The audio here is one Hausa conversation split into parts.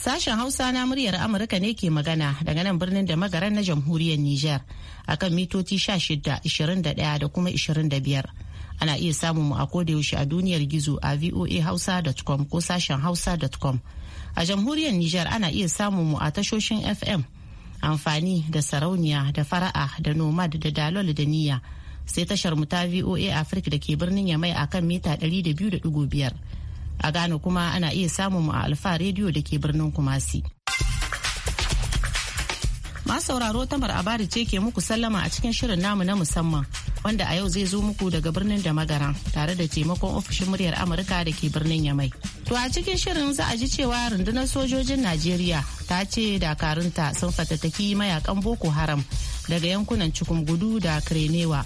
Sashen Hausa na muryar Amurka ne ke magana daga nan birnin da magaran na jamhuriyar Nijar a kan mitoci 16, 21 da kuma 25. Ana iya samun mu a yaushe a duniyar gizo a voahausa.com ko sashen hausa.com. A jamhuriyar Nijar ana iya samun mu a tashoshin FM amfani da sarauniya da fara'a da nomad da dalol da niyya sai tashar mu ta VOA Africa da ke birnin Yamai akan mita 200.5. A Ghana kuma ana iya samun mu a Alfa rediyo da ke birnin Kumasi. Masu sauraro tamar abari ce ke muku sallama a cikin shirin namu na musamman wanda a yau zai zo muku daga birnin da magara tare da taimakon ofishin muryar Amurka da ke birnin Yamai. To a cikin shirin za a ji cewa rundunar sojojin Najeriya ta ce dakarunta sun fatattaki mayakan Boko Haram daga yankunan Cikungudu da kirenewa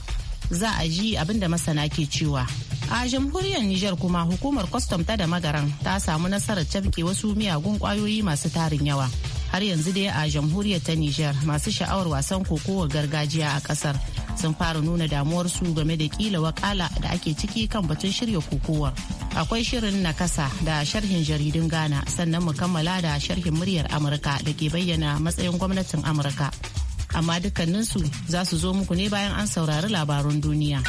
Za a ji abinda masana ke cewa. a jamhuriyar nijar kuma hukumar kwastam ta da magaran ta samu nasarar cafke wasu miyagun kwayoyi masu tarin yawa har yanzu dai a jamhuriyar ta nijar masu sha'awar wasan kokowar gargajiya a kasar sun fara nuna damuwarsu game da kila wakala da ake ciki kan batun shirya kokowar akwai shirin nakasa da sharhin jaridun ghana sannan mu kammala da sharhin muryar amurka da ke bayyana matsayin gwamnatin amurka amma dukkaninsu za su zo muku ne bayan an saurari labarun duniya.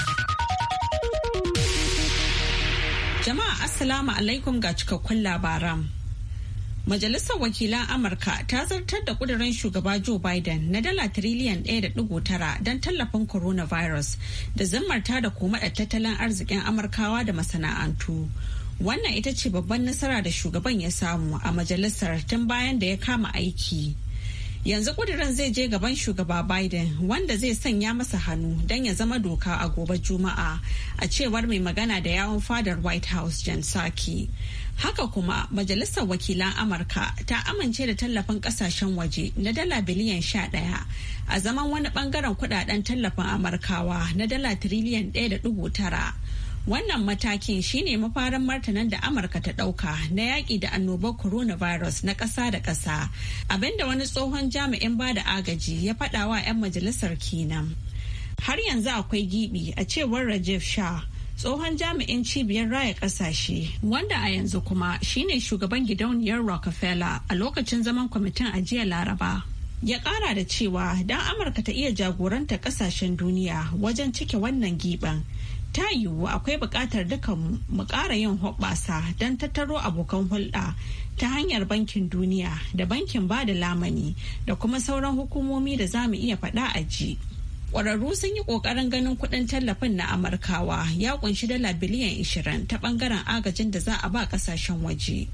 Jama'a Assalamu alaikum ga cikakkun labaran. Majalisar Wakilan Amurka ta zartar da kudirin shugaba Joe Biden na dala tiriliyan 1.9 don tallafin coronavirus da zammarta da da tattalin arzikin Amurkawa da masana'antu. Wannan ita ce babban nasara da shugaban ya samu a majalisar tun bayan da ya kama aiki. yanzu kudirin zai je gaban shugaba biden wanda zai sanya masa hannu don ya zama doka a gobe juma'a a cewar mai magana da yawon fadar white house jan saki haka kuma majalisar wakilan amurka ta amince da tallafin kasashen waje na dala biliyan sha ɗaya a zaman wani bangaren kudaden tallafin amurkawa na dala tiriliyan ɗaya da tara Wannan matakin shine mafarin martanin da Amurka ta ɗauka na yaƙi da annobar coronavirus na ƙasa da ƙasa, abinda wani tsohon jami'in ba da agaji ya faɗa wa 'yan majalisar kenan. Har yanzu akwai gibi a cewar Rajiv Shah. tsohon jami'in cibiyar raya ƙasashe. wanda a yanzu kuma shine shugaban gidauniyar rockefeller a lokacin zaman kwamitin ajiya laraba ya ƙara da cewa don amurka ta iya jagoranta ƙasashen duniya wajen cike wannan giban ta yiwu akwai buƙatar dukan mu ƙara yin hoɓɓasa don tattaro abokan hulɗa ta hanyar bankin duniya da bankin ba da lamani da kuma sauran hukumomi da za mu iya faɗa a ji. Ƙwararru sun yi ƙoƙarin ganin kuɗin tallafin na Amurkawa ya ƙunshi dala biliyan 20 ta ɓangaren agajin da za a ba ƙasashen waje.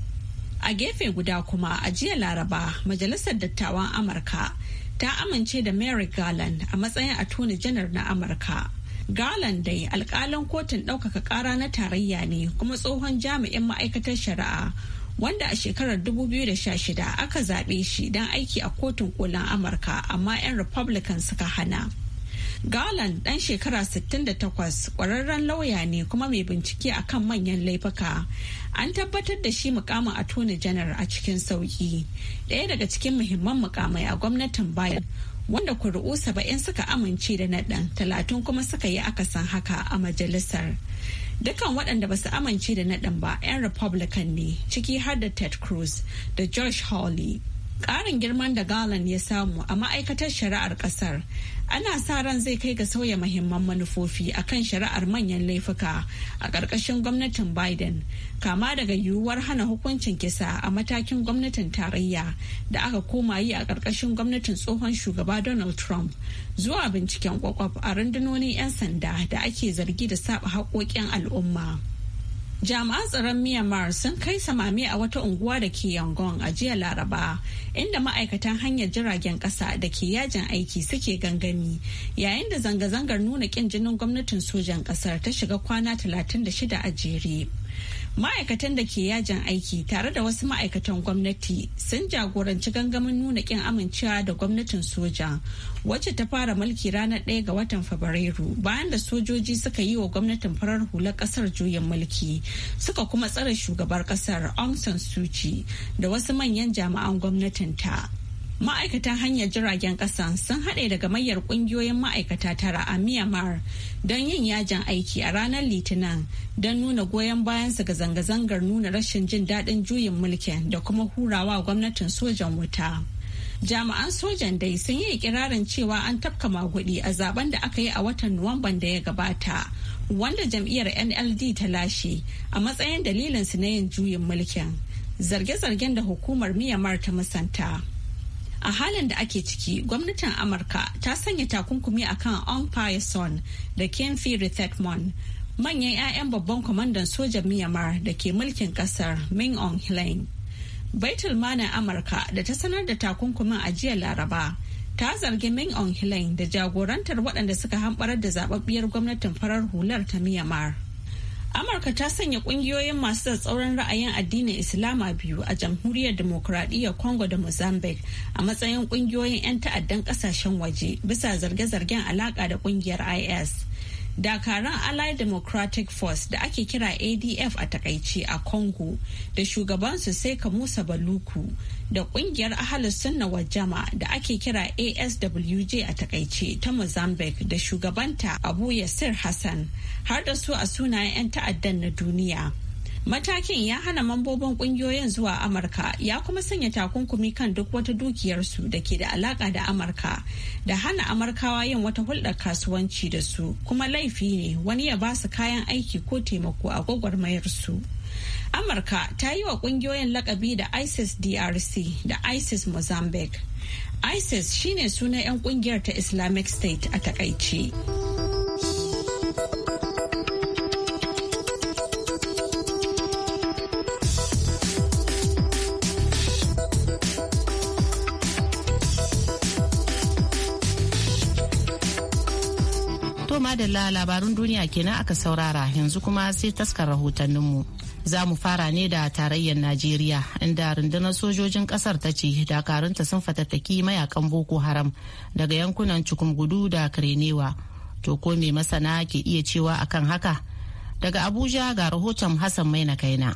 A gefe guda kuma a jiya Laraba, Majalisar Dattawan Amurka ta amince da Mary Garland a matsayin Attorney Janar na Amurka. galan dai alkalin kotun ɗaukaka ƙara na tarayya ne kuma tsohon jami'in ma'aikatar shari'a wanda a shekarar 2016 aka zaɓe shi don aiki a kotun kolin Amurka amma 'yan Republican suka hana. galan ɗan shekara 68 ƙwararren lauya ne kuma mai bincike a kan manyan laifuka. An tabbatar da shi mukamin attorney janar a cikin sauki daya daga cikin muhimman mukamai a gwamnatin bayan wanda kuri'u saba'in suka amince da naɗin talatin kuma suka yi akasin haka a majalisar dukkan waɗanda ba su amince da naɗin ba 'yan Republican ne, ciki har da Ted Cruz da Josh Hawley. Ƙarin girman da Garland ya samu a ma'aikatar shari'ar ƙasar ana sa ran zai kai ga sauya mahimman manufofi a kan shari'ar manyan laifuka a ƙarƙashin gwamnatin biden kama daga yiwuwar hana hukuncin kisa a matakin gwamnatin tarayya da aka koma yi a ƙarƙashin gwamnatin tsohon shugaba donald trump zuwa binciken kwakwaf a rundunonin 'yan sanda da ake zargi da saba haƙoƙin al'umma jami'an tsaron myanmar sun kai samami a wata unguwa da ke yangon a jiya laraba inda ma'aikatan hanyar jiragen kasa da ke yajin aiki suke gangami yayin da zanga-zangar nuna kin jinin gwamnatin sojan kasar ta shiga kwana 36 a jere ma'aikatan da ke yajin aiki tare da wasu ma'aikatan gwamnati sun jagoranci gangamin nuna kin amincewa da gwamnatin soja wacce ta fara mulki ranar 1 ga watan fabrairu bayan da sojoji suka yi wa gwamnatin farar hula kasar juyin mulki suka kuma tsare shugabar kasar aung san suu da wasu manyan jama'an gwamnatin ta ma'aikatan hanyar jiragen ƙasa sun haɗe daga gamayyar ƙungiyoyin ma'aikata tara a myanmar don yin yajin aiki a ranar litinin don nuna goyon bayansa ga zanga-zangar nuna rashin jin daɗin juyin mulkin da kuma hurawa gwamnatin sojan wuta jami'an sojan dai sun yi ikirarin cewa an tafka magudi a zaben da aka yi a watan nuwamban da ya gabata wanda jam'iyyar nld ta lashe a matsayin dalilinsu na yin juyin mulkin zarge-zargen da hukumar miyamar ta musanta. a halin da ake ciki gwamnatin amurka ta sanya takunkumi akan on Pyson da kenfi rethetmon manyan 'ya'yan babban kwamandan sojan myanmar da ke mulkin kasar ming on hlain baitul manan amurka da ta sanar da takunkumin a jiya laraba ta zargi ming on hlain da jagorantar waɗanda suka hamɓarar da zababbiyar gwamnatin farar hular ta myanmar Amurka ta sanya kungiyoyin masu tsauran ra'ayin addinin Islama biyu a jamhuriyar demokuraɗiyyar Congo da Mozambique a matsayin kungiyoyin 'yan ta'addan ƙasashen waje bisa zarge-zargen alaƙa da ƙungiyar IS. dakaran allied democratic force da ake kira adf a takaice a congo da shugabansu sai musa baluku da kungiyar ahalus sunna wa jama da ake kira aswj a takaice ta mozambique da shugabanta abu yasir hassan har da su a sunayen 'yan ta'addan na duniya Matakin ya hana mambobin kungiyoyin zuwa Amurka ya kuma sanya takunkumi kan duk wata dukiyarsu da ke da alaka da Amurka da hana Amurkawa yin wata hulɗar kasuwanci da su kuma laifi ne wani ya ba su kayan aiki ko taimako a gwagwarmayarsu. Amurka ta yi wa kungiyoyin lakabi da ISIS DRC da ISIS Mozambique. ISIS shine sunan 'yan kungiyar ta Islamic State a takaice. la labarun duniya kenan aka saurara yanzu kuma sai taskar rahotanninmu. Za mu fara ne da tarayyar Najeriya inda rundunar sojojin kasar ta ce dakarunta sun fatattaki mayakan Boko Haram daga yankunan gudu da Karenewa. To ko me masana ke iya cewa akan haka? Daga Abuja ga rahoton Hassan Maina Kaina.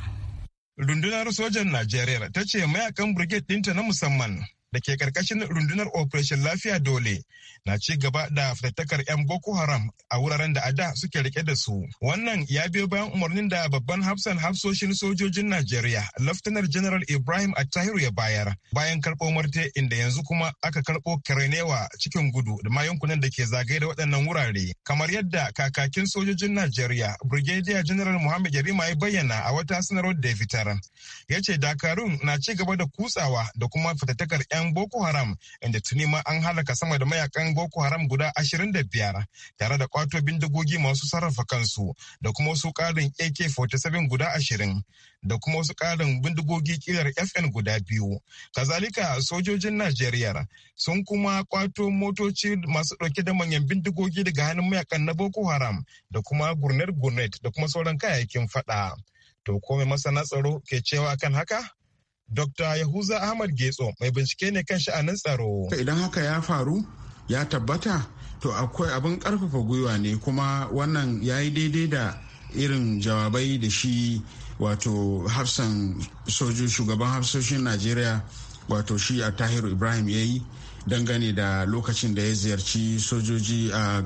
Rundunar sojan Najeriya ta ce mayakan Brigade ɗinta na musamman da ke karkashin rundunar operation lafiya dole na ci gaba da fitattakar 'yan boko haram a wuraren da ada suke rike da su wannan ya biyo bayan umarnin da babban hafsan hafsoshin sojojin najeriya laftanar general ibrahim attahiru ya bayar bayan karbo marte inda yanzu kuma aka karɓo karenewa cikin gudu da ma yankunan da ke zagaye da waɗannan wurare kamar yadda kakakin sojojin najeriya brigadier general muhammad yarima ya bayyana a wata sanarwar da ya fitar ya ce dakarun na ci gaba da kutsawa da kuma fitattakar 'yan Boko Haram inda tuni ma an halaka sama da mayakan Boko Haram guda 25 tare da kwato bindigogi masu sarrafa kansu da kuma wasu karin AK-47 guda 20 da kuma wasu karin bindigogi kilar FN guda biyu. Kazalika sojojin Najeriya sun kuma kwato motoci masu ɗauke da manyan bindigogi daga hannun mayakan na Boko Haram da kuma gurnet gurnet da kuma sauran kayayyakin faɗa. To kome masana tsaro ke cewa kan haka? Dr. Yahuza Ahmad Getso mai bincike ne kan sha'anin tsaro. Idan haka ya faru ya tabbata to akwai abin karfafa gwiwa ne kuma wannan ya yi daidai da irin jawabai da shi wato hafsan soju shugaban hafsoshin Najeriya wato shi a Tahiru Ibrahim ya yi dangane da lokacin da ya ziyarci sojoji a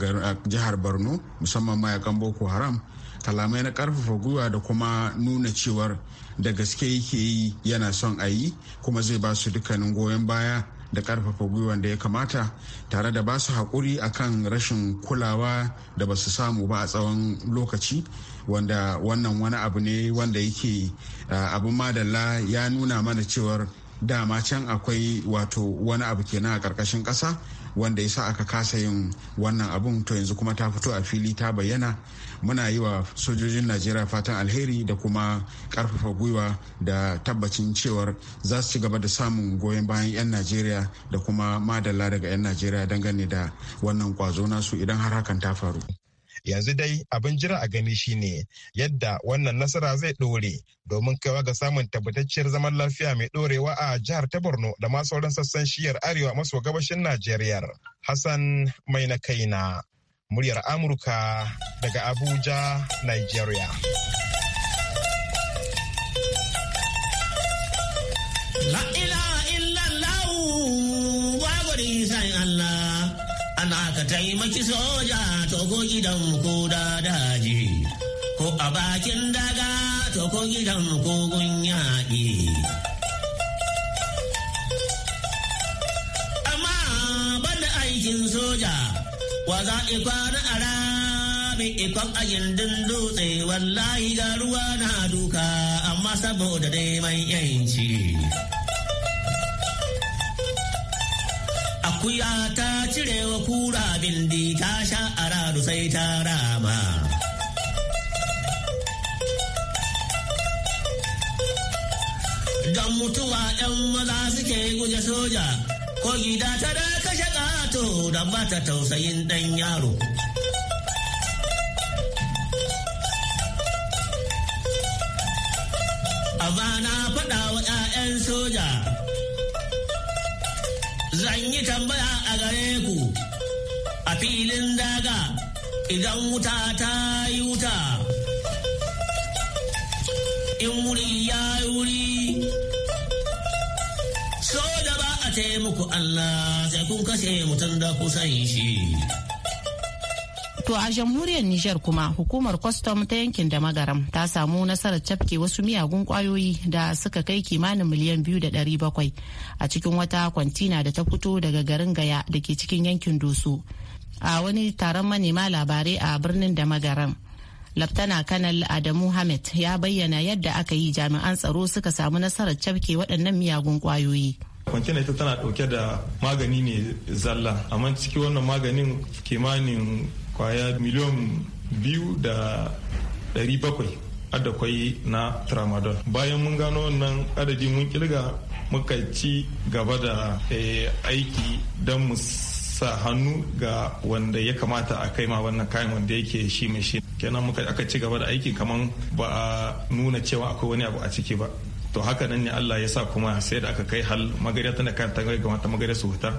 jihar Borno musamman mayakan Boko Haram. kalamai na karfafa gwiwa da kuma nuna cewar da gaske yake yi yana son a yi kuma zai ba su dukkanin goyon baya da karfafa gwiwa da ya kamata tare da ba su haƙuri akan rashin kulawa da ba su samu ba a tsawon lokaci wanda wannan wani abu ne wanda yake abin madalla ya nuna mana cewar dama can akwai wato wani abu kenan a ƙarƙashin ƙasa wanda ya sa aka kasa yin wannan abun to yanzu kuma ta fito a fili ta bayyana muna yi wa sojojin najeriya fatan alheri da kuma karfafa gwiwa da tabbacin cewar za su ci gaba da samun goyon bayan 'yan najeriya da kuma madalla daga 'yan najeriya dangane da wannan kwazo nasu idan har hakan ta faru yanzu dai abin jira a gani shine yadda wannan nasara zai ɗore domin kaiwa ga samun tabbatacciyar zaman lafiya mai ɗorewa a jihar ta borno da ma sauran sassan shiyar arewa maso gabashin najeriya hassan mai na kaina muryar Amurka daga Abuja, Nigeria. La ilaha illallah wagwari Allah, ana ka taimaki soja toko gidan ko da daji, ko a bakin daga toko gidan kogon yaƙi. Amma banda aikin soja wa za ki a rami ikon a dutse wallahi ga ruwa na duka amma saboda mai yanci. Akuya ta cirewa kura bindi ta sha a radu sai ta rama. Don mutuwa ‘yan maza suke guje soja, ko gida ta da kashe to da ba ta tausayin ɗan yaro. a na faɗa wa 'ya'yan soja, zan yi tambaya a gare ku a filin daga idan wuta ta yi wuta, in wuri ya yi wuri sai muku Allah sai kun kashe mutum da kusan shi. To a jamhuriyar Nijar kuma hukumar kwastam ta yankin da magaram ta samu nasarar cafke wasu miyagun kwayoyi da suka kai kimanin miliyan biyu da ɗari bakwai a cikin wata kwantina da ta fito daga garin Gaya da ke cikin yankin Doso. A wani taron manema labarai a birnin da magaram. Laftana Kanal Adamu Hamid ya bayyana yadda aka yi jami'an tsaro suka samu nasarar cafke waɗannan miyagun kwayoyi. kwantena ita tana dauke da magani ne zalla amma ciki wannan maganin kimanin kwaya miliyan biyu da dari bakwai kwai na tramadol bayan mun gano wannan adadi mun kirga muka ci gaba da eh, aiki don mu sa hannu ga wanda ya kamata a kai ma wannan kayan wanda yake shi mai shi kenan muka aka ci gaba da aiki kamar ba a nuna cewa akwai wani abu a ciki ba to haka nan ne Allah ya sa kuma sai da aka kai hal magariya tana kan ta ga mata magariya su huta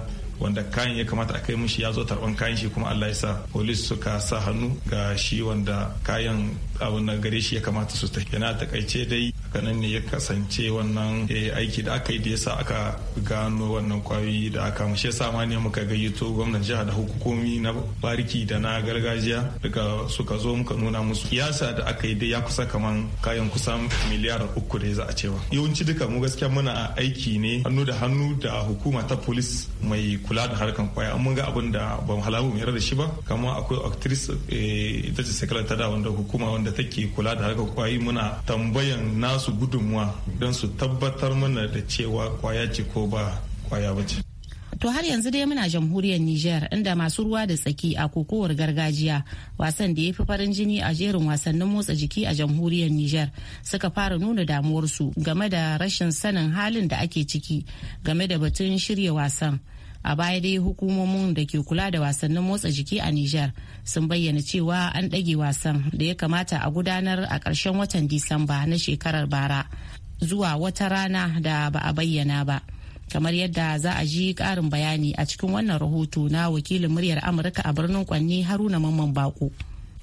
wanda kayan ya kamata a kai mishi ya zo tarban kayan shi kuma Allah ya sa polis suka sa hannu ga shi wanda kayan abin na gare shi ya kamata su tafi yana takaice dai kanan ne ya kasance wannan eh, aiki da aka yi da yasa aka gano wannan kwayoyi da aka mushe sa ma ne muka gayyato gwamnatin jiha da hukumomi na bariki da na gargajiya daga suka zo muka nuna musu kiyasa da aka yi dai ya kusa kaman kayan kusan miliyar uku da za a cewa yawanci duka mu gaskiya muna aiki ne hannu da hannu da hukuma ta polis mai kula da harkan kwaya mun ga abin da ban halamu halabu mu yarda da shi ba kama akwai actress eh, ita ce sakalata da wanda hukuma wanda take kula da harkan kwayi muna tambayan nasu gudunmuwa don su tabbatar mana da cewa kwaya ce ko ba kwaya ba ce To har yanzu dai muna jamhuriyar niger inda masu ruwa da tsaki a kokowar gargajiya wasan da ya fi farin jini a jerin wasannin motsa jiki a jamhuriyar niger suka fara nuna damuwarsu game da rashin sanin halin da ake ciki game da batun shirya wasan. a baya dai hukumomin da ke kula da wasannin motsa jiki a nijar sun bayyana cewa an ɗage wasan da ya kamata a gudanar a ƙarshen watan disamba na shekarar bara zuwa wata rana da ba a bayyana ba kamar yadda za a ji karin bayani a cikin wannan rahoto na wakilin muryar amurka a birnin kwanni haruna mamman bako.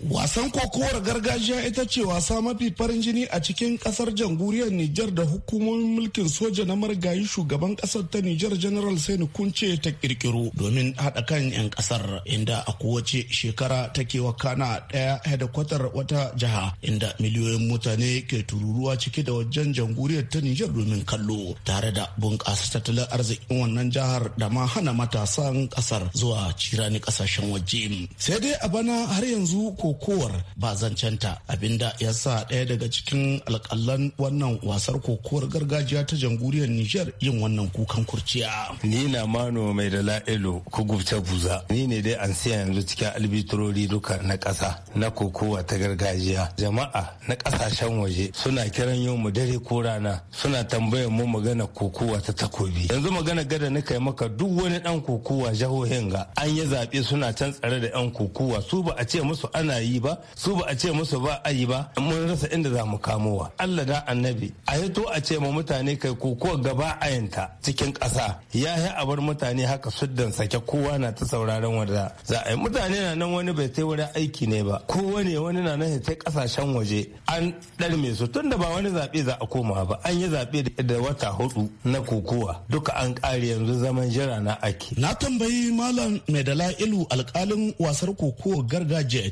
Wasan kokowar gargajiya ita ce wasa mafi farin jini a cikin kasar jamhuriyar Nijar da hukumomin mulkin soja na marigayi shugaban kasar ta Nijar General Sani Kunce ta kirkiro domin haɗa kan 'yan kasar inda a kowace shekara take Kana ɗaya hedakwatar wata jiha inda miliyoyin mutane ke tururuwa cike da wajen jamhuriyar ta Nijar domin kallo tare da bunƙasa tattalin arzikin wannan jihar da ma hana matasan kasar zuwa cirani kasashen waje. Sai dai a bana har yanzu ko kokowar ba zancenta abinda ya sa ɗaya daga cikin alkalan wannan wasar kokowar gargajiya ta jamhuriyar Nijar yin wannan kukan kurciya. Ni na mano mai da la'ilo ku gubce buza. Ni ne dai an siya yanzu cikin albitrori duka na ƙasa na kokowa ta gargajiya. Jama'a na ƙasashen waje suna kiran yau mu dare ko rana suna tambayar mu magana kokowa ta takobi. Yanzu magana gada na kai maka duk wani ɗan kokowa jahohin ga an yi zaɓe suna can tsare da 'yan kokowa su ba a ce musu ana yi ba su ba a ce musu ba a yi ba mun rasa inda za mu kamowa Allah da annabi a hito a ce ma mutane kai kokowa gaba a yanta cikin ƙasa ya yi a bar mutane haka suddan sake kowa na ta sauraron wanda za a yi mutane na nan wani bai sai wurin aiki ne ba ko wani wani na nan sai kasashen waje an ɗarme su tunda ba wani zaɓe za a koma ba an yi zaɓe da wata hudu na kokowa duka an ƙare yanzu zaman jira na ake. na tambayi malam mai dala'ilu alkalin wasar kokowa gargajiya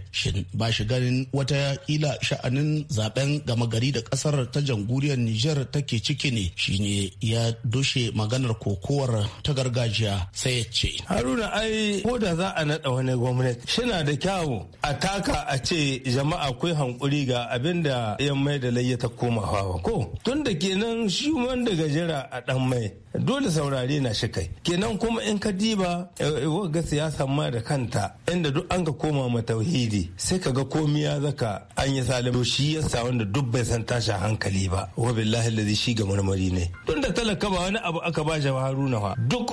ba shi ganin wata ila sha'anin zaben gama gari da kasar ta jamhuriyar Niger take ciki ne shine ya dushe maganar kokowar ta gargajiya sai ya ce. Haruna ai ko da za a naɗa wani gwamnati shina da kyawu a taka a ce jama'a akwai hankuri ga abin da yan mai da layya ta hawa ko tun da kenan shi wanda gajera a dan mai dole saurare na shi kai kenan kuma in ka diba eh, ga siyasa ma da kanta inda duk an ka koma ma tauhidi sai ka ga komi ya zaka an yi salimu shi yasa wanda duk bai san tashi hankali ba wa billahi shi ga marmari ne tun da talaka ba wani abu aka ba shi haruna fa duk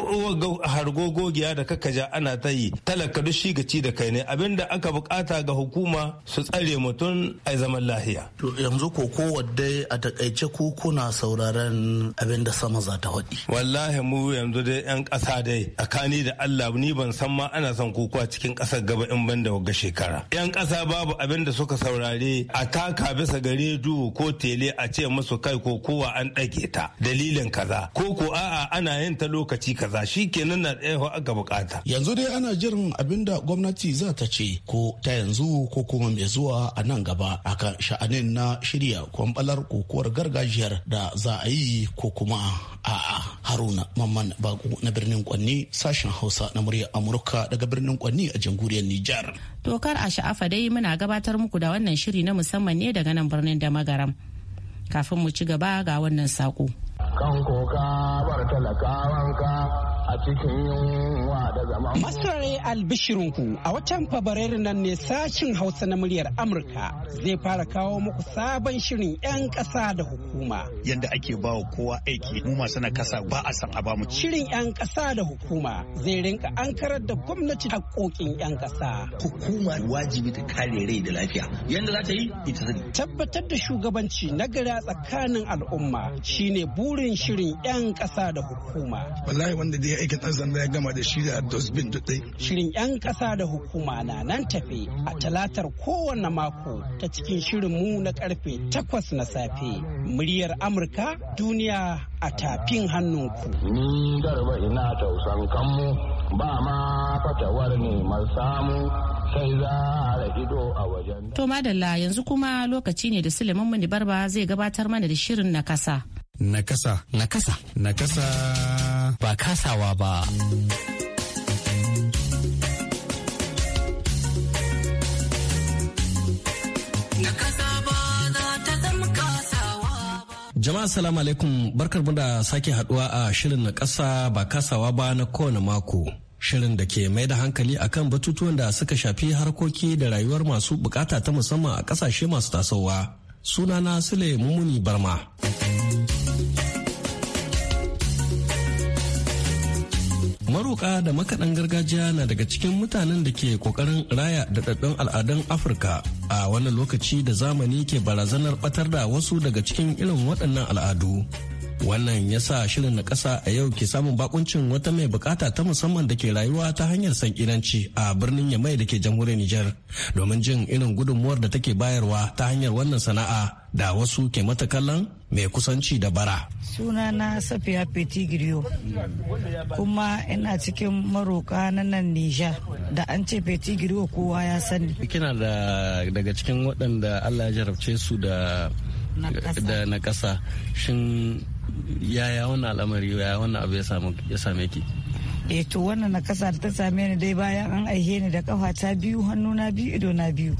hargogogiya da kaka ja ana ta yi talaka duk shi gaci da kai ne abinda aka bukata ga hukuma su tsare mutum a zaman lahiya to yanzu ko ko wadda a takaice ko kuna sauraron abin da sama za ta wallahi mu yanzu dai yan kasa dai tsakani da Allah ni ban san ma ana son kokowa cikin ƙasar gaba in ban da wagga shekara yan sa babu abin da suka saurare a taka bisa ga rediyo ko tele a ce musu kai ko kowa an ɗage ta dalilin kaza ko ko a'a ana yin ta lokaci kaza shi kenan na ɗaya aka bukata. Yanzu dai ana jiran abin da gwamnati za ta ce ko ta yanzu ko kuma mai zuwa a nan gaba akan sha'anin na shirya kwambalar kokowar gargajiyar da za a yi ko kuma a'a Haruna Mamman Bako na birnin Kwanni sashen Hausa na muryar Amurka daga birnin Kwanni a jamhuriyar Nijar. tokar kar a sha'afa dai muna gabatar muku da wannan shiri na musamman ne daga nan birnin da magaram. Kafin mu ci gaba ga wannan saƙo. kan koka bar talakawanka a cikin yunwa da Masarare albishirinku a watan Fabrairu nan ne sashin Hausa na muryar Amurka zai fara kawo muku sabon shirin 'yan ƙasa da hukuma. Yanda ake bawa kowa aiki mu masu kasa ba a san a ba mu. Shirin 'yan ƙasa da hukuma zai rinka an karar da gwamnati haƙoƙin 'yan ƙasa. Hukuma wajibi ta kare rai da lafiya. Yanda za ta yi ita Tabbatar da shugabanci na a tsakanin al'umma shine burin burin shirin 'yan ƙasa da hukuma. Wallahi wanda da ya aikin ɗan ya gama da shi da dosbin dutse. Shirin 'yan ƙasa da hukuma na nan tafe a talatar kowanne mako ta cikin shirin mu na karfe takwas na safe. Muryar Amurka duniya a tafin hannunku. Ni garba ina tausan kanmu ba ma fatawar mai samu sai za a ido a wajen. To Madalla yanzu kuma lokaci ne da Suleiman Muni Barba zai gabatar mana da shirin na kasa. Nakasa. Nakasa. Nakasa. Ba kasawa ba. Jama'a salamu alaikum barkar da sake haduwa a shirin na kasa ba kasawa ba na kowane mako. Shirin da ke mai da hankali akan batutuwan da suka shafi harkoki da rayuwar masu bukata ta musamman a kasashe masu tasowa. Sunana Sule Mumuni Barma. maroka da makaɗan gargajiya na daga cikin mutanen da ke ƙoƙarin raya daɗaɗɗun al'adun afirka a wannan lokaci da zamani ke barazanar ɓatar da wasu daga cikin irin waɗannan al'adu wannan ya sa shirin na ƙasa a yau ke samun bakuncin wata mai bukata ta musamman da ke rayuwa ta hanyar sankiranci a birnin yamai da ke jamhuriyar nijar domin jin irin gudunmuwar da take bayarwa ta hanyar wannan sana'a da wasu ke mata kallon mai kusanci da bara suna na safiya peti kuma ina cikin maroka na nan nijar da an ce peti kowa ya sani kina da daga cikin waɗanda allah ya jarabce su da na ƙasa yaya wannan al'amari yaya wannan abu ya same ki eh to wannan na kasa ta same ni dai bayan an aihe ni da kafa ta biyu hannu na biyu ido na biyu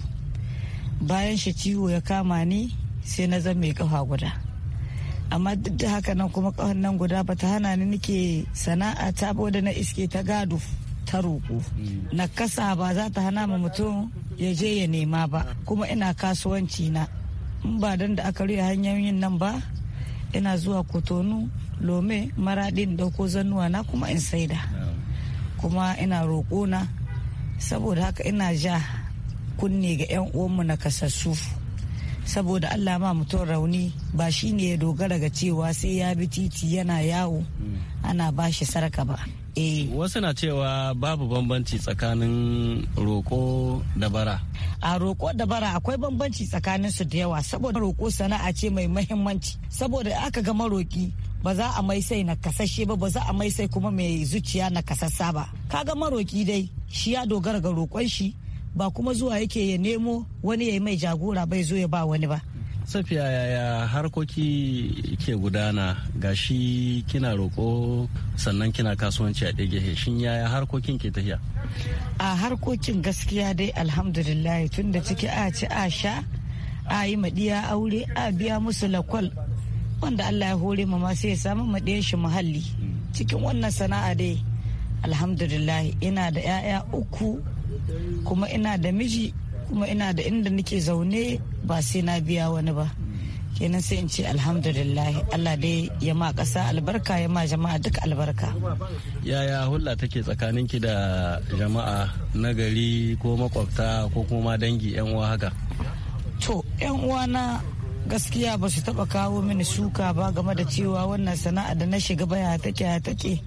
bayan shi ciwo ya kama ni sai na zama mai kafa guda amma duk da haka nan kuma kafan nan guda ba ta hana ni nike sana'a ta da na iske ta gado ta roƙo hmm. na kasa ba za ta hana ma mutum ya je ya nema ba kuma ina kasuwanci na in ba don da aka rufe hanyoyin nan ba ina zuwa kotonu lome maradin dauko zannuwa na kuma in saida kuma ina roƙo na saboda haka ina ja kunne ga 'yan uwanmu na kasassu saboda allah ma mutum rauni ba shi ne ya dogara ga cewa sai ya bi titi yana yawo mm. ana ba shi sarka ba Eh. wasu na cewa babu bambanci tsakanin roko da bara a roko da bara akwai bambanci tsakanin su da yawa saboda roko sana'a ce mai mahimmanci saboda aka ga maroki ba za a mai sai na kasashe ba ba za a mai sai kuma mai zuciya na kasassa ba ga maroki dai shi ya dogara ga roƙon shi ba kuma zuwa yake ya nemo wani ya yi mai jagora bai zo ya ba wani ba safiya yaya harkoki ke gudana gashi kina roko sannan kina kasuwanci a ɗage shin yaya harkokin ke tafiya a harkokin gaskiya dai alhamdulillah tun da ciki a ci a sha a yi maɗiya aure a biya musu lakwal wanda allah ya hore ma sai ya samu maɗiyan shi muhalli cikin wannan sana'a dai alhamdulillah ina da 'ya'ya uku kuma ina da miji kuma ina da inda nake zaune ba sai na biya wani ba kenan sai in ce alhamdulillah Allah dai ya ma kasa albarka ya ma jama'a duk albarka yaya hulla take tsakanin ki da jama'a na gari ko makwabta ko kuma dangi yan uwa haka to yan uwa na gaskiya ba su taba kawo mini suka ba game da cewa wannan sana'a da na shiga baya take ya take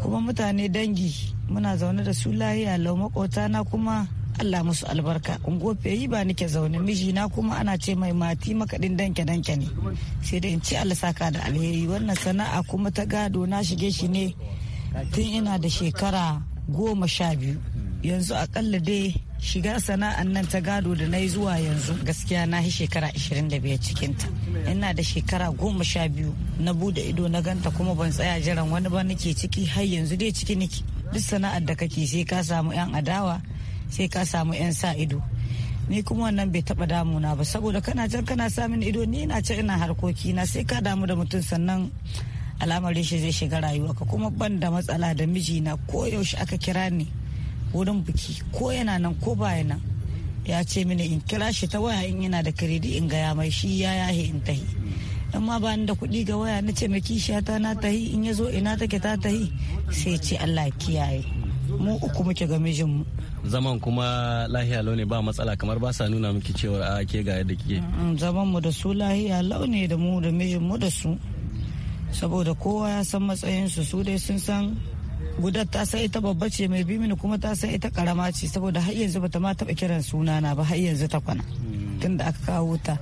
kuma mutane dangi muna zaune da su lahiya lau makwabta na kuma Allah musu albarka unguwar yi ba nake zaune mijina kuma ana ce mai mati makaɗin danke danke ne sai da in ci Allah saka da alheri wannan sana'a kuma ta gado na shige shi ne tun ina da shekara goma sha biyu yanzu akalla dai shiga sana'an nan ta gado da na yi zuwa yanzu gaskiya na yi shekara 25 cikinta ina da shekara goma sha biyu na bude ido na ganta kuma ban tsaya jiran wani ba nake ciki har yanzu dai ciki nake duk sana'ar da kake sai ka samu yan adawa sai ka samu 'yan sa ido ni kuma wannan bai taba damuna ba saboda kana can kana samun ido ni yana can ina harkoki na sai ka damu da mutum sannan al'amarin shi zai shiga rayuwa ka kuma ban da matsala da mijina ko yaushe aka kira ni wurin biki ko yana nan ko baya nan ya ce mini in kira shi ta waya in yana da kiredi in gaya mai shi ya yahe in tahi dan ma bani da kuɗi ga waya na ce mai kishiya ta na tahi in ya zo ina take ta tahi sai ce Allah kiyaye mu uku muke ga mijinmu zaman kuma lahiya launi ba matsala kamar ba sa nuna miki cewar a ke ga yadda kike zaman mu da su lahiya launi da mu da mijin mu da su saboda kowa ya san matsayin su su dai sun san gudar ta san ita babba ce mai bi mini kuma ta san ita karama ce saboda har yanzu bata ma taba kiran suna na ba har yanzu ta kwana mm. tunda aka kawo ta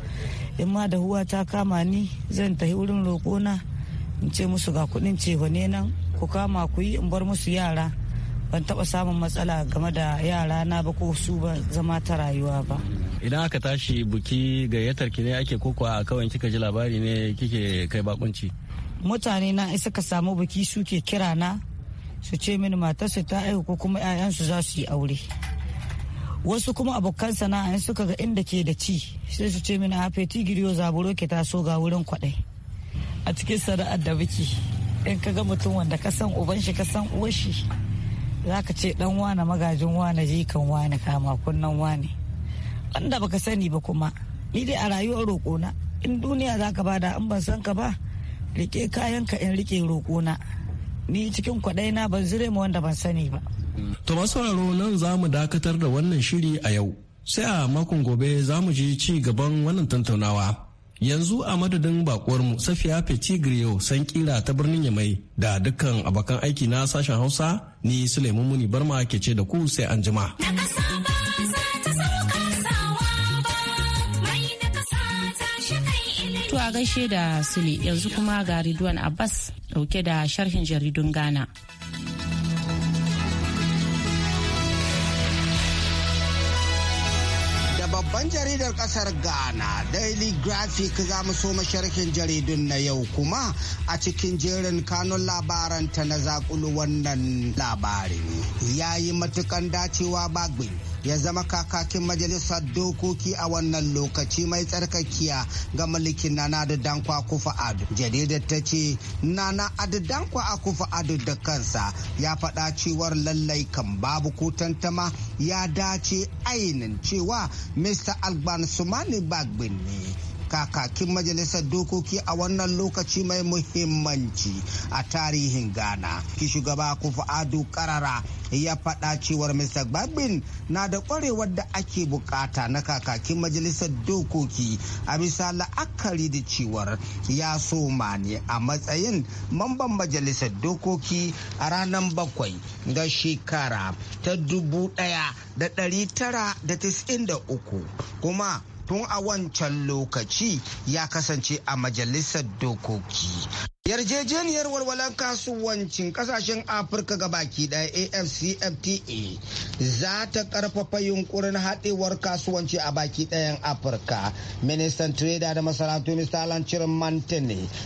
in ma da huwa ta kama ni zan tafi wurin roƙona in ce musu ga kuɗin ce ne nan ku kama ku yi in bar musu yara ban taba samun matsala game da yara na ba ko su ba zama ta rayuwa ba idan aka tashi buki gayyatar ki ne ake koko a kawai kika ji labari ne kike kai bakunci mutane na isa ka samu buki suke kira na su ce mini su ta aihu ko kuma 'ya'yansu za su yi aure wasu kuma abokan sana'a suka ga inda ke da ci sai su ce mini hafe tigiriyo zaburo ke taso ga wurin kwaɗai a cikin sana'ar da biki in ka ga mutum wanda ka san uban shi ka san uwar shi za ka ce dan wane magajin wane jikan wane kama kunnan wane wanda baka sani ba kuma ni dai a rayuwar roƙona in duniya za ka bada an ban san ka ba rike kayan ka in rike roƙona ni cikin kwaɗai na ban zire mu wanda ban sani ba. to masu sauraro nan za mu dakatar da wannan shiri a yau sai a makon gobe za mu ji ci gaban wannan tattaunawa. yanzu a madadin mu safiya feci griyo san kira ta birnin yamai da dukkan abokan aiki na sashen hausa ni suleiman muni barma ke ce da ku sai an jima to a gaishe da sule yanzu kuma ga ridwan abbas dauke da sharhin jaridun ghana jaridar kasar Ghana Daily Graphic za mu so masharhin jaridun na yau kuma a cikin jerin kanun labaranta na zakulu wannan labarin. yayi matukan dacewa bagbin ya zama kakakin majalisar dokoki a wannan lokaci mai tsarkakiya ga mulkin nana da kufa ado jaridar ta ce nana adu a kufa ado da kansa ya faɗa cewar lallai kan babu ko tantama ya dace ainin cewa mr alban sumani bagbin ne kakakin majalisar dokoki a wannan lokaci mai muhimmanci a tarihin ghana ki shugaba kufu ado karara ya faɗa cewar mr gbagin na da ƙwarewar da ake bukata na kakakin majalisar dokoki a bisa la'akari da cewar ya soma ne a matsayin mamban majalisar dokoki a ranar bakwai ga shekara ta dubu ɗaya da ɗari tara da da uku kuma tun a wancan lokaci ya kasance a majalisar dokoki yarjejeniyar walwalan kasuwancin kasashen afirka ga baki daya afcfta za ta karfafa yunkurin haɗewar kasuwanci a baki ɗayan afirka ministan Tireda da masana'antu mr alan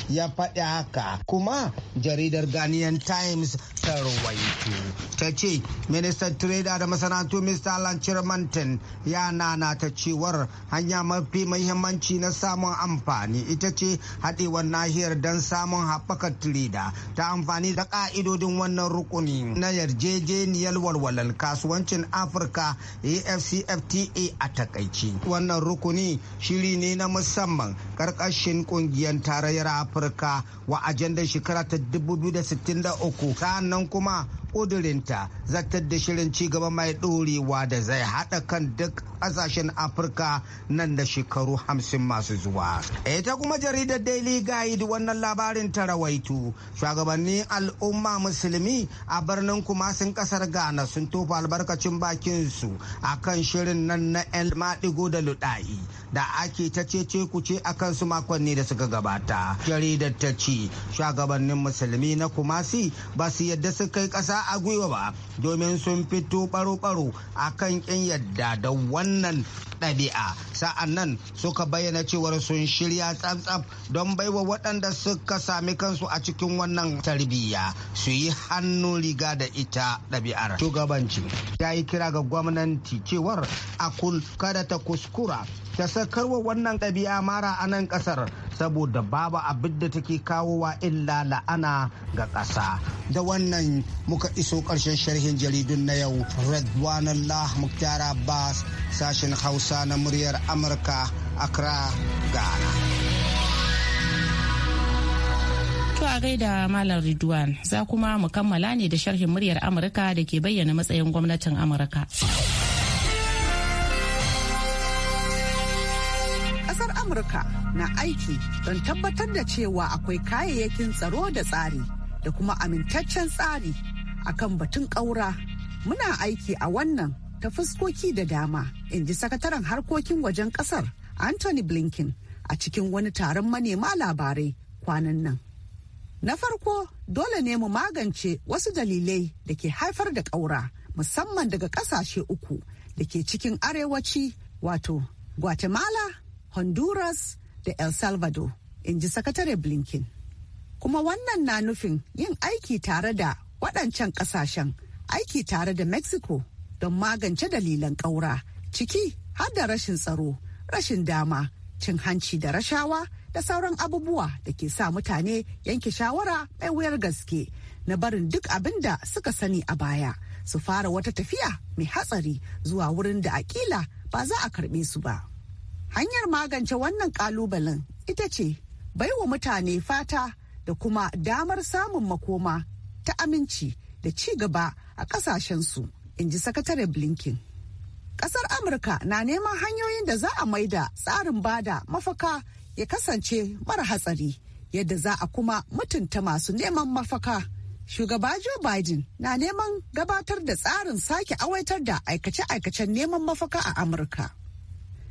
ya faɗi haka kuma jaridar ghanaian times ta rawaito ta ce ministan tireda da masana'antu mr alan chairman ya nana ta cewar hanya mafi mahimmanci na samun amfani ita ce haɗewar nahiyar don samun haɓakar tireda ta amfani da ƙa'idodin wannan rukuni na yarjejeniyar walwalar kasuwancin afirka afcfta a takaici wannan rukuni shiri ne na musamman ƙarƙashin ƙungiyar tarayyar afirka wa ajandar shekara ta 2063 não coma kudurinta zartar da shirin cigaba mai dorewa da zai haɗa kan duk ƙasashen afirka nan da shekaru hamsin masu zuwa ita kuma jaridar daily guide wannan labarin ta rawaitu shugabannin al'umma musulmi a birnin kumasin ƙasar ghana sun tofa albarkacin bakin su akan shirin nan na 'yan maɗigo da luɗa'i da ake ta cece kuce a su makonni da suka gabata jaridar ta ce shugabannin musulmi na kumasi ba su yadda su kai ƙasa a gwiwa ba domin sun fito baro-baro a kan yadda da wannan ɗabi'a sa'an nan suka bayyana cewar sun shirya tsantsaf don baiwa waɗanda suka sami kansu a cikin wannan tarbiyya su yi hannu riga da ita ɗabi'ar shugabanci ya yi kira ga gwamnati cewar a kada ta kuskura ta sakarwa wannan ɗabi'a mara a nan ƙasar saboda babu abin da take wa illa la'ana ga ƙasa da wannan muka iso ƙarshen sharhin jaridun na yau redwan allah muktar sashen hausa na muryar amurka accra ghana To a gaida Malam Ridwan za kuma mu kammala ne da sharhin muryar Amurka da ke bayyana matsayin gwamnatin Amurka. Ƙasar Amurka na aiki don tabbatar da cewa akwai kayayyakin tsaro da tsari da kuma amintaccen tsari akan batun ƙaura. Muna aiki a wannan ta fuskoki da dama in ji sakataren harkokin wajen kasar anthony blinken a cikin wani taron manema labarai kwanan nan na farko dole ne mu magance wasu dalilai da ke haifar da ƙaura musamman daga ƙasashe uku da ke cikin arewaci wato guatemala honduras da el salvador in ji sakatare blinken kuma wannan na nufin yin aiki tare da waɗancan ƙasashen aiki tare da mexico don magance dalilan ƙaura ciki har da rashin tsaro rashin dama cin hanci da rashawa da sauran abubuwa da ke sa mutane yanke shawara mai wuyar gaske na barin duk abin da suka sani a baya su fara wata tafiya mai hatsari zuwa wurin da akila ba za a karbe su ba hanyar magance wannan kalubalen ita ce baiwa mutane fata da kuma damar samun makoma ta aminci da ci gaba a kasashensu in ji sakataren blinken kasar amurka na neman hanyoyin da za a maida tsarin bada mafaka ya kasance mara hatsari yadda za a kuma mutunta masu neman mafaka shugaba joe biden na neman gabatar da tsarin sake awaitar da aikace-aikacen neman mafaka a amurka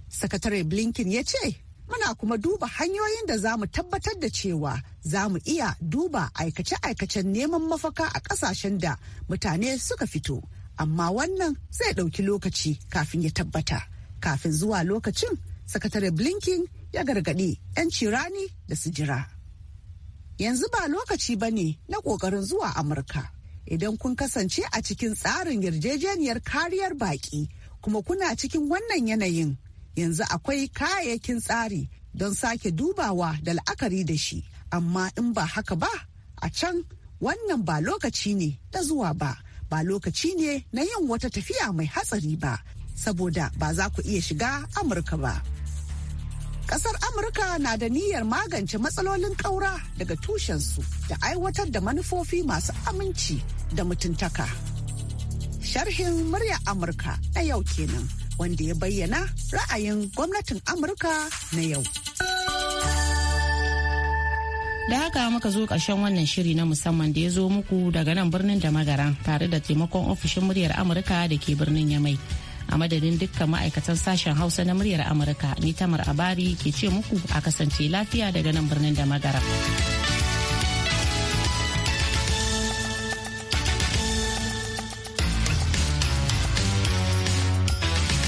sakatare blinken ya ce muna kuma duba hanyoyin da za mu tabbatar da cewa za mu iya duba aikace-aikacen neman mafaka a kasashen da mutane suka fito amma wannan zai ɗauki lokaci kafin ya tabbata kafin zuwa lokacin sakatare blinken ya gargaɗi 'yanci rani da su jira yanzu ba lokaci ba ne na ƙoƙarin zuwa amurka idan kun kasance a cikin tsarin yarjejeniyar kariyar baƙi kuma kuna cikin wannan yanayin yanzu akwai kayayyakin tsari don sake dubawa da la'akari da shi amma in ba haka ba a can wannan ba lokaci ne da zuwa ba ba lokaci ne na yin wata tafiya mai hatsari ba saboda ba za ku iya shiga amurka ba Ƙasar amurka na da niyyar magance matsalolin ƙaura daga tushensu da aiwatar da manufofi masu aminci da mutuntaka sharhin murya amurka na yau kenan wanda ya bayyana ra'ayin gwamnatin amurka na yau. da haka muka zo ƙarshen wannan shiri na musamman da ya zo muku daga nan birnin da magaran tare da taimakon ofishin muryar amurka da ke birnin yamai a madadin dukkan ma'aikatan sashen hausa na muryar amurka ni tamar abari ke ce muku a kasance lafiya daga nan birnin da magaran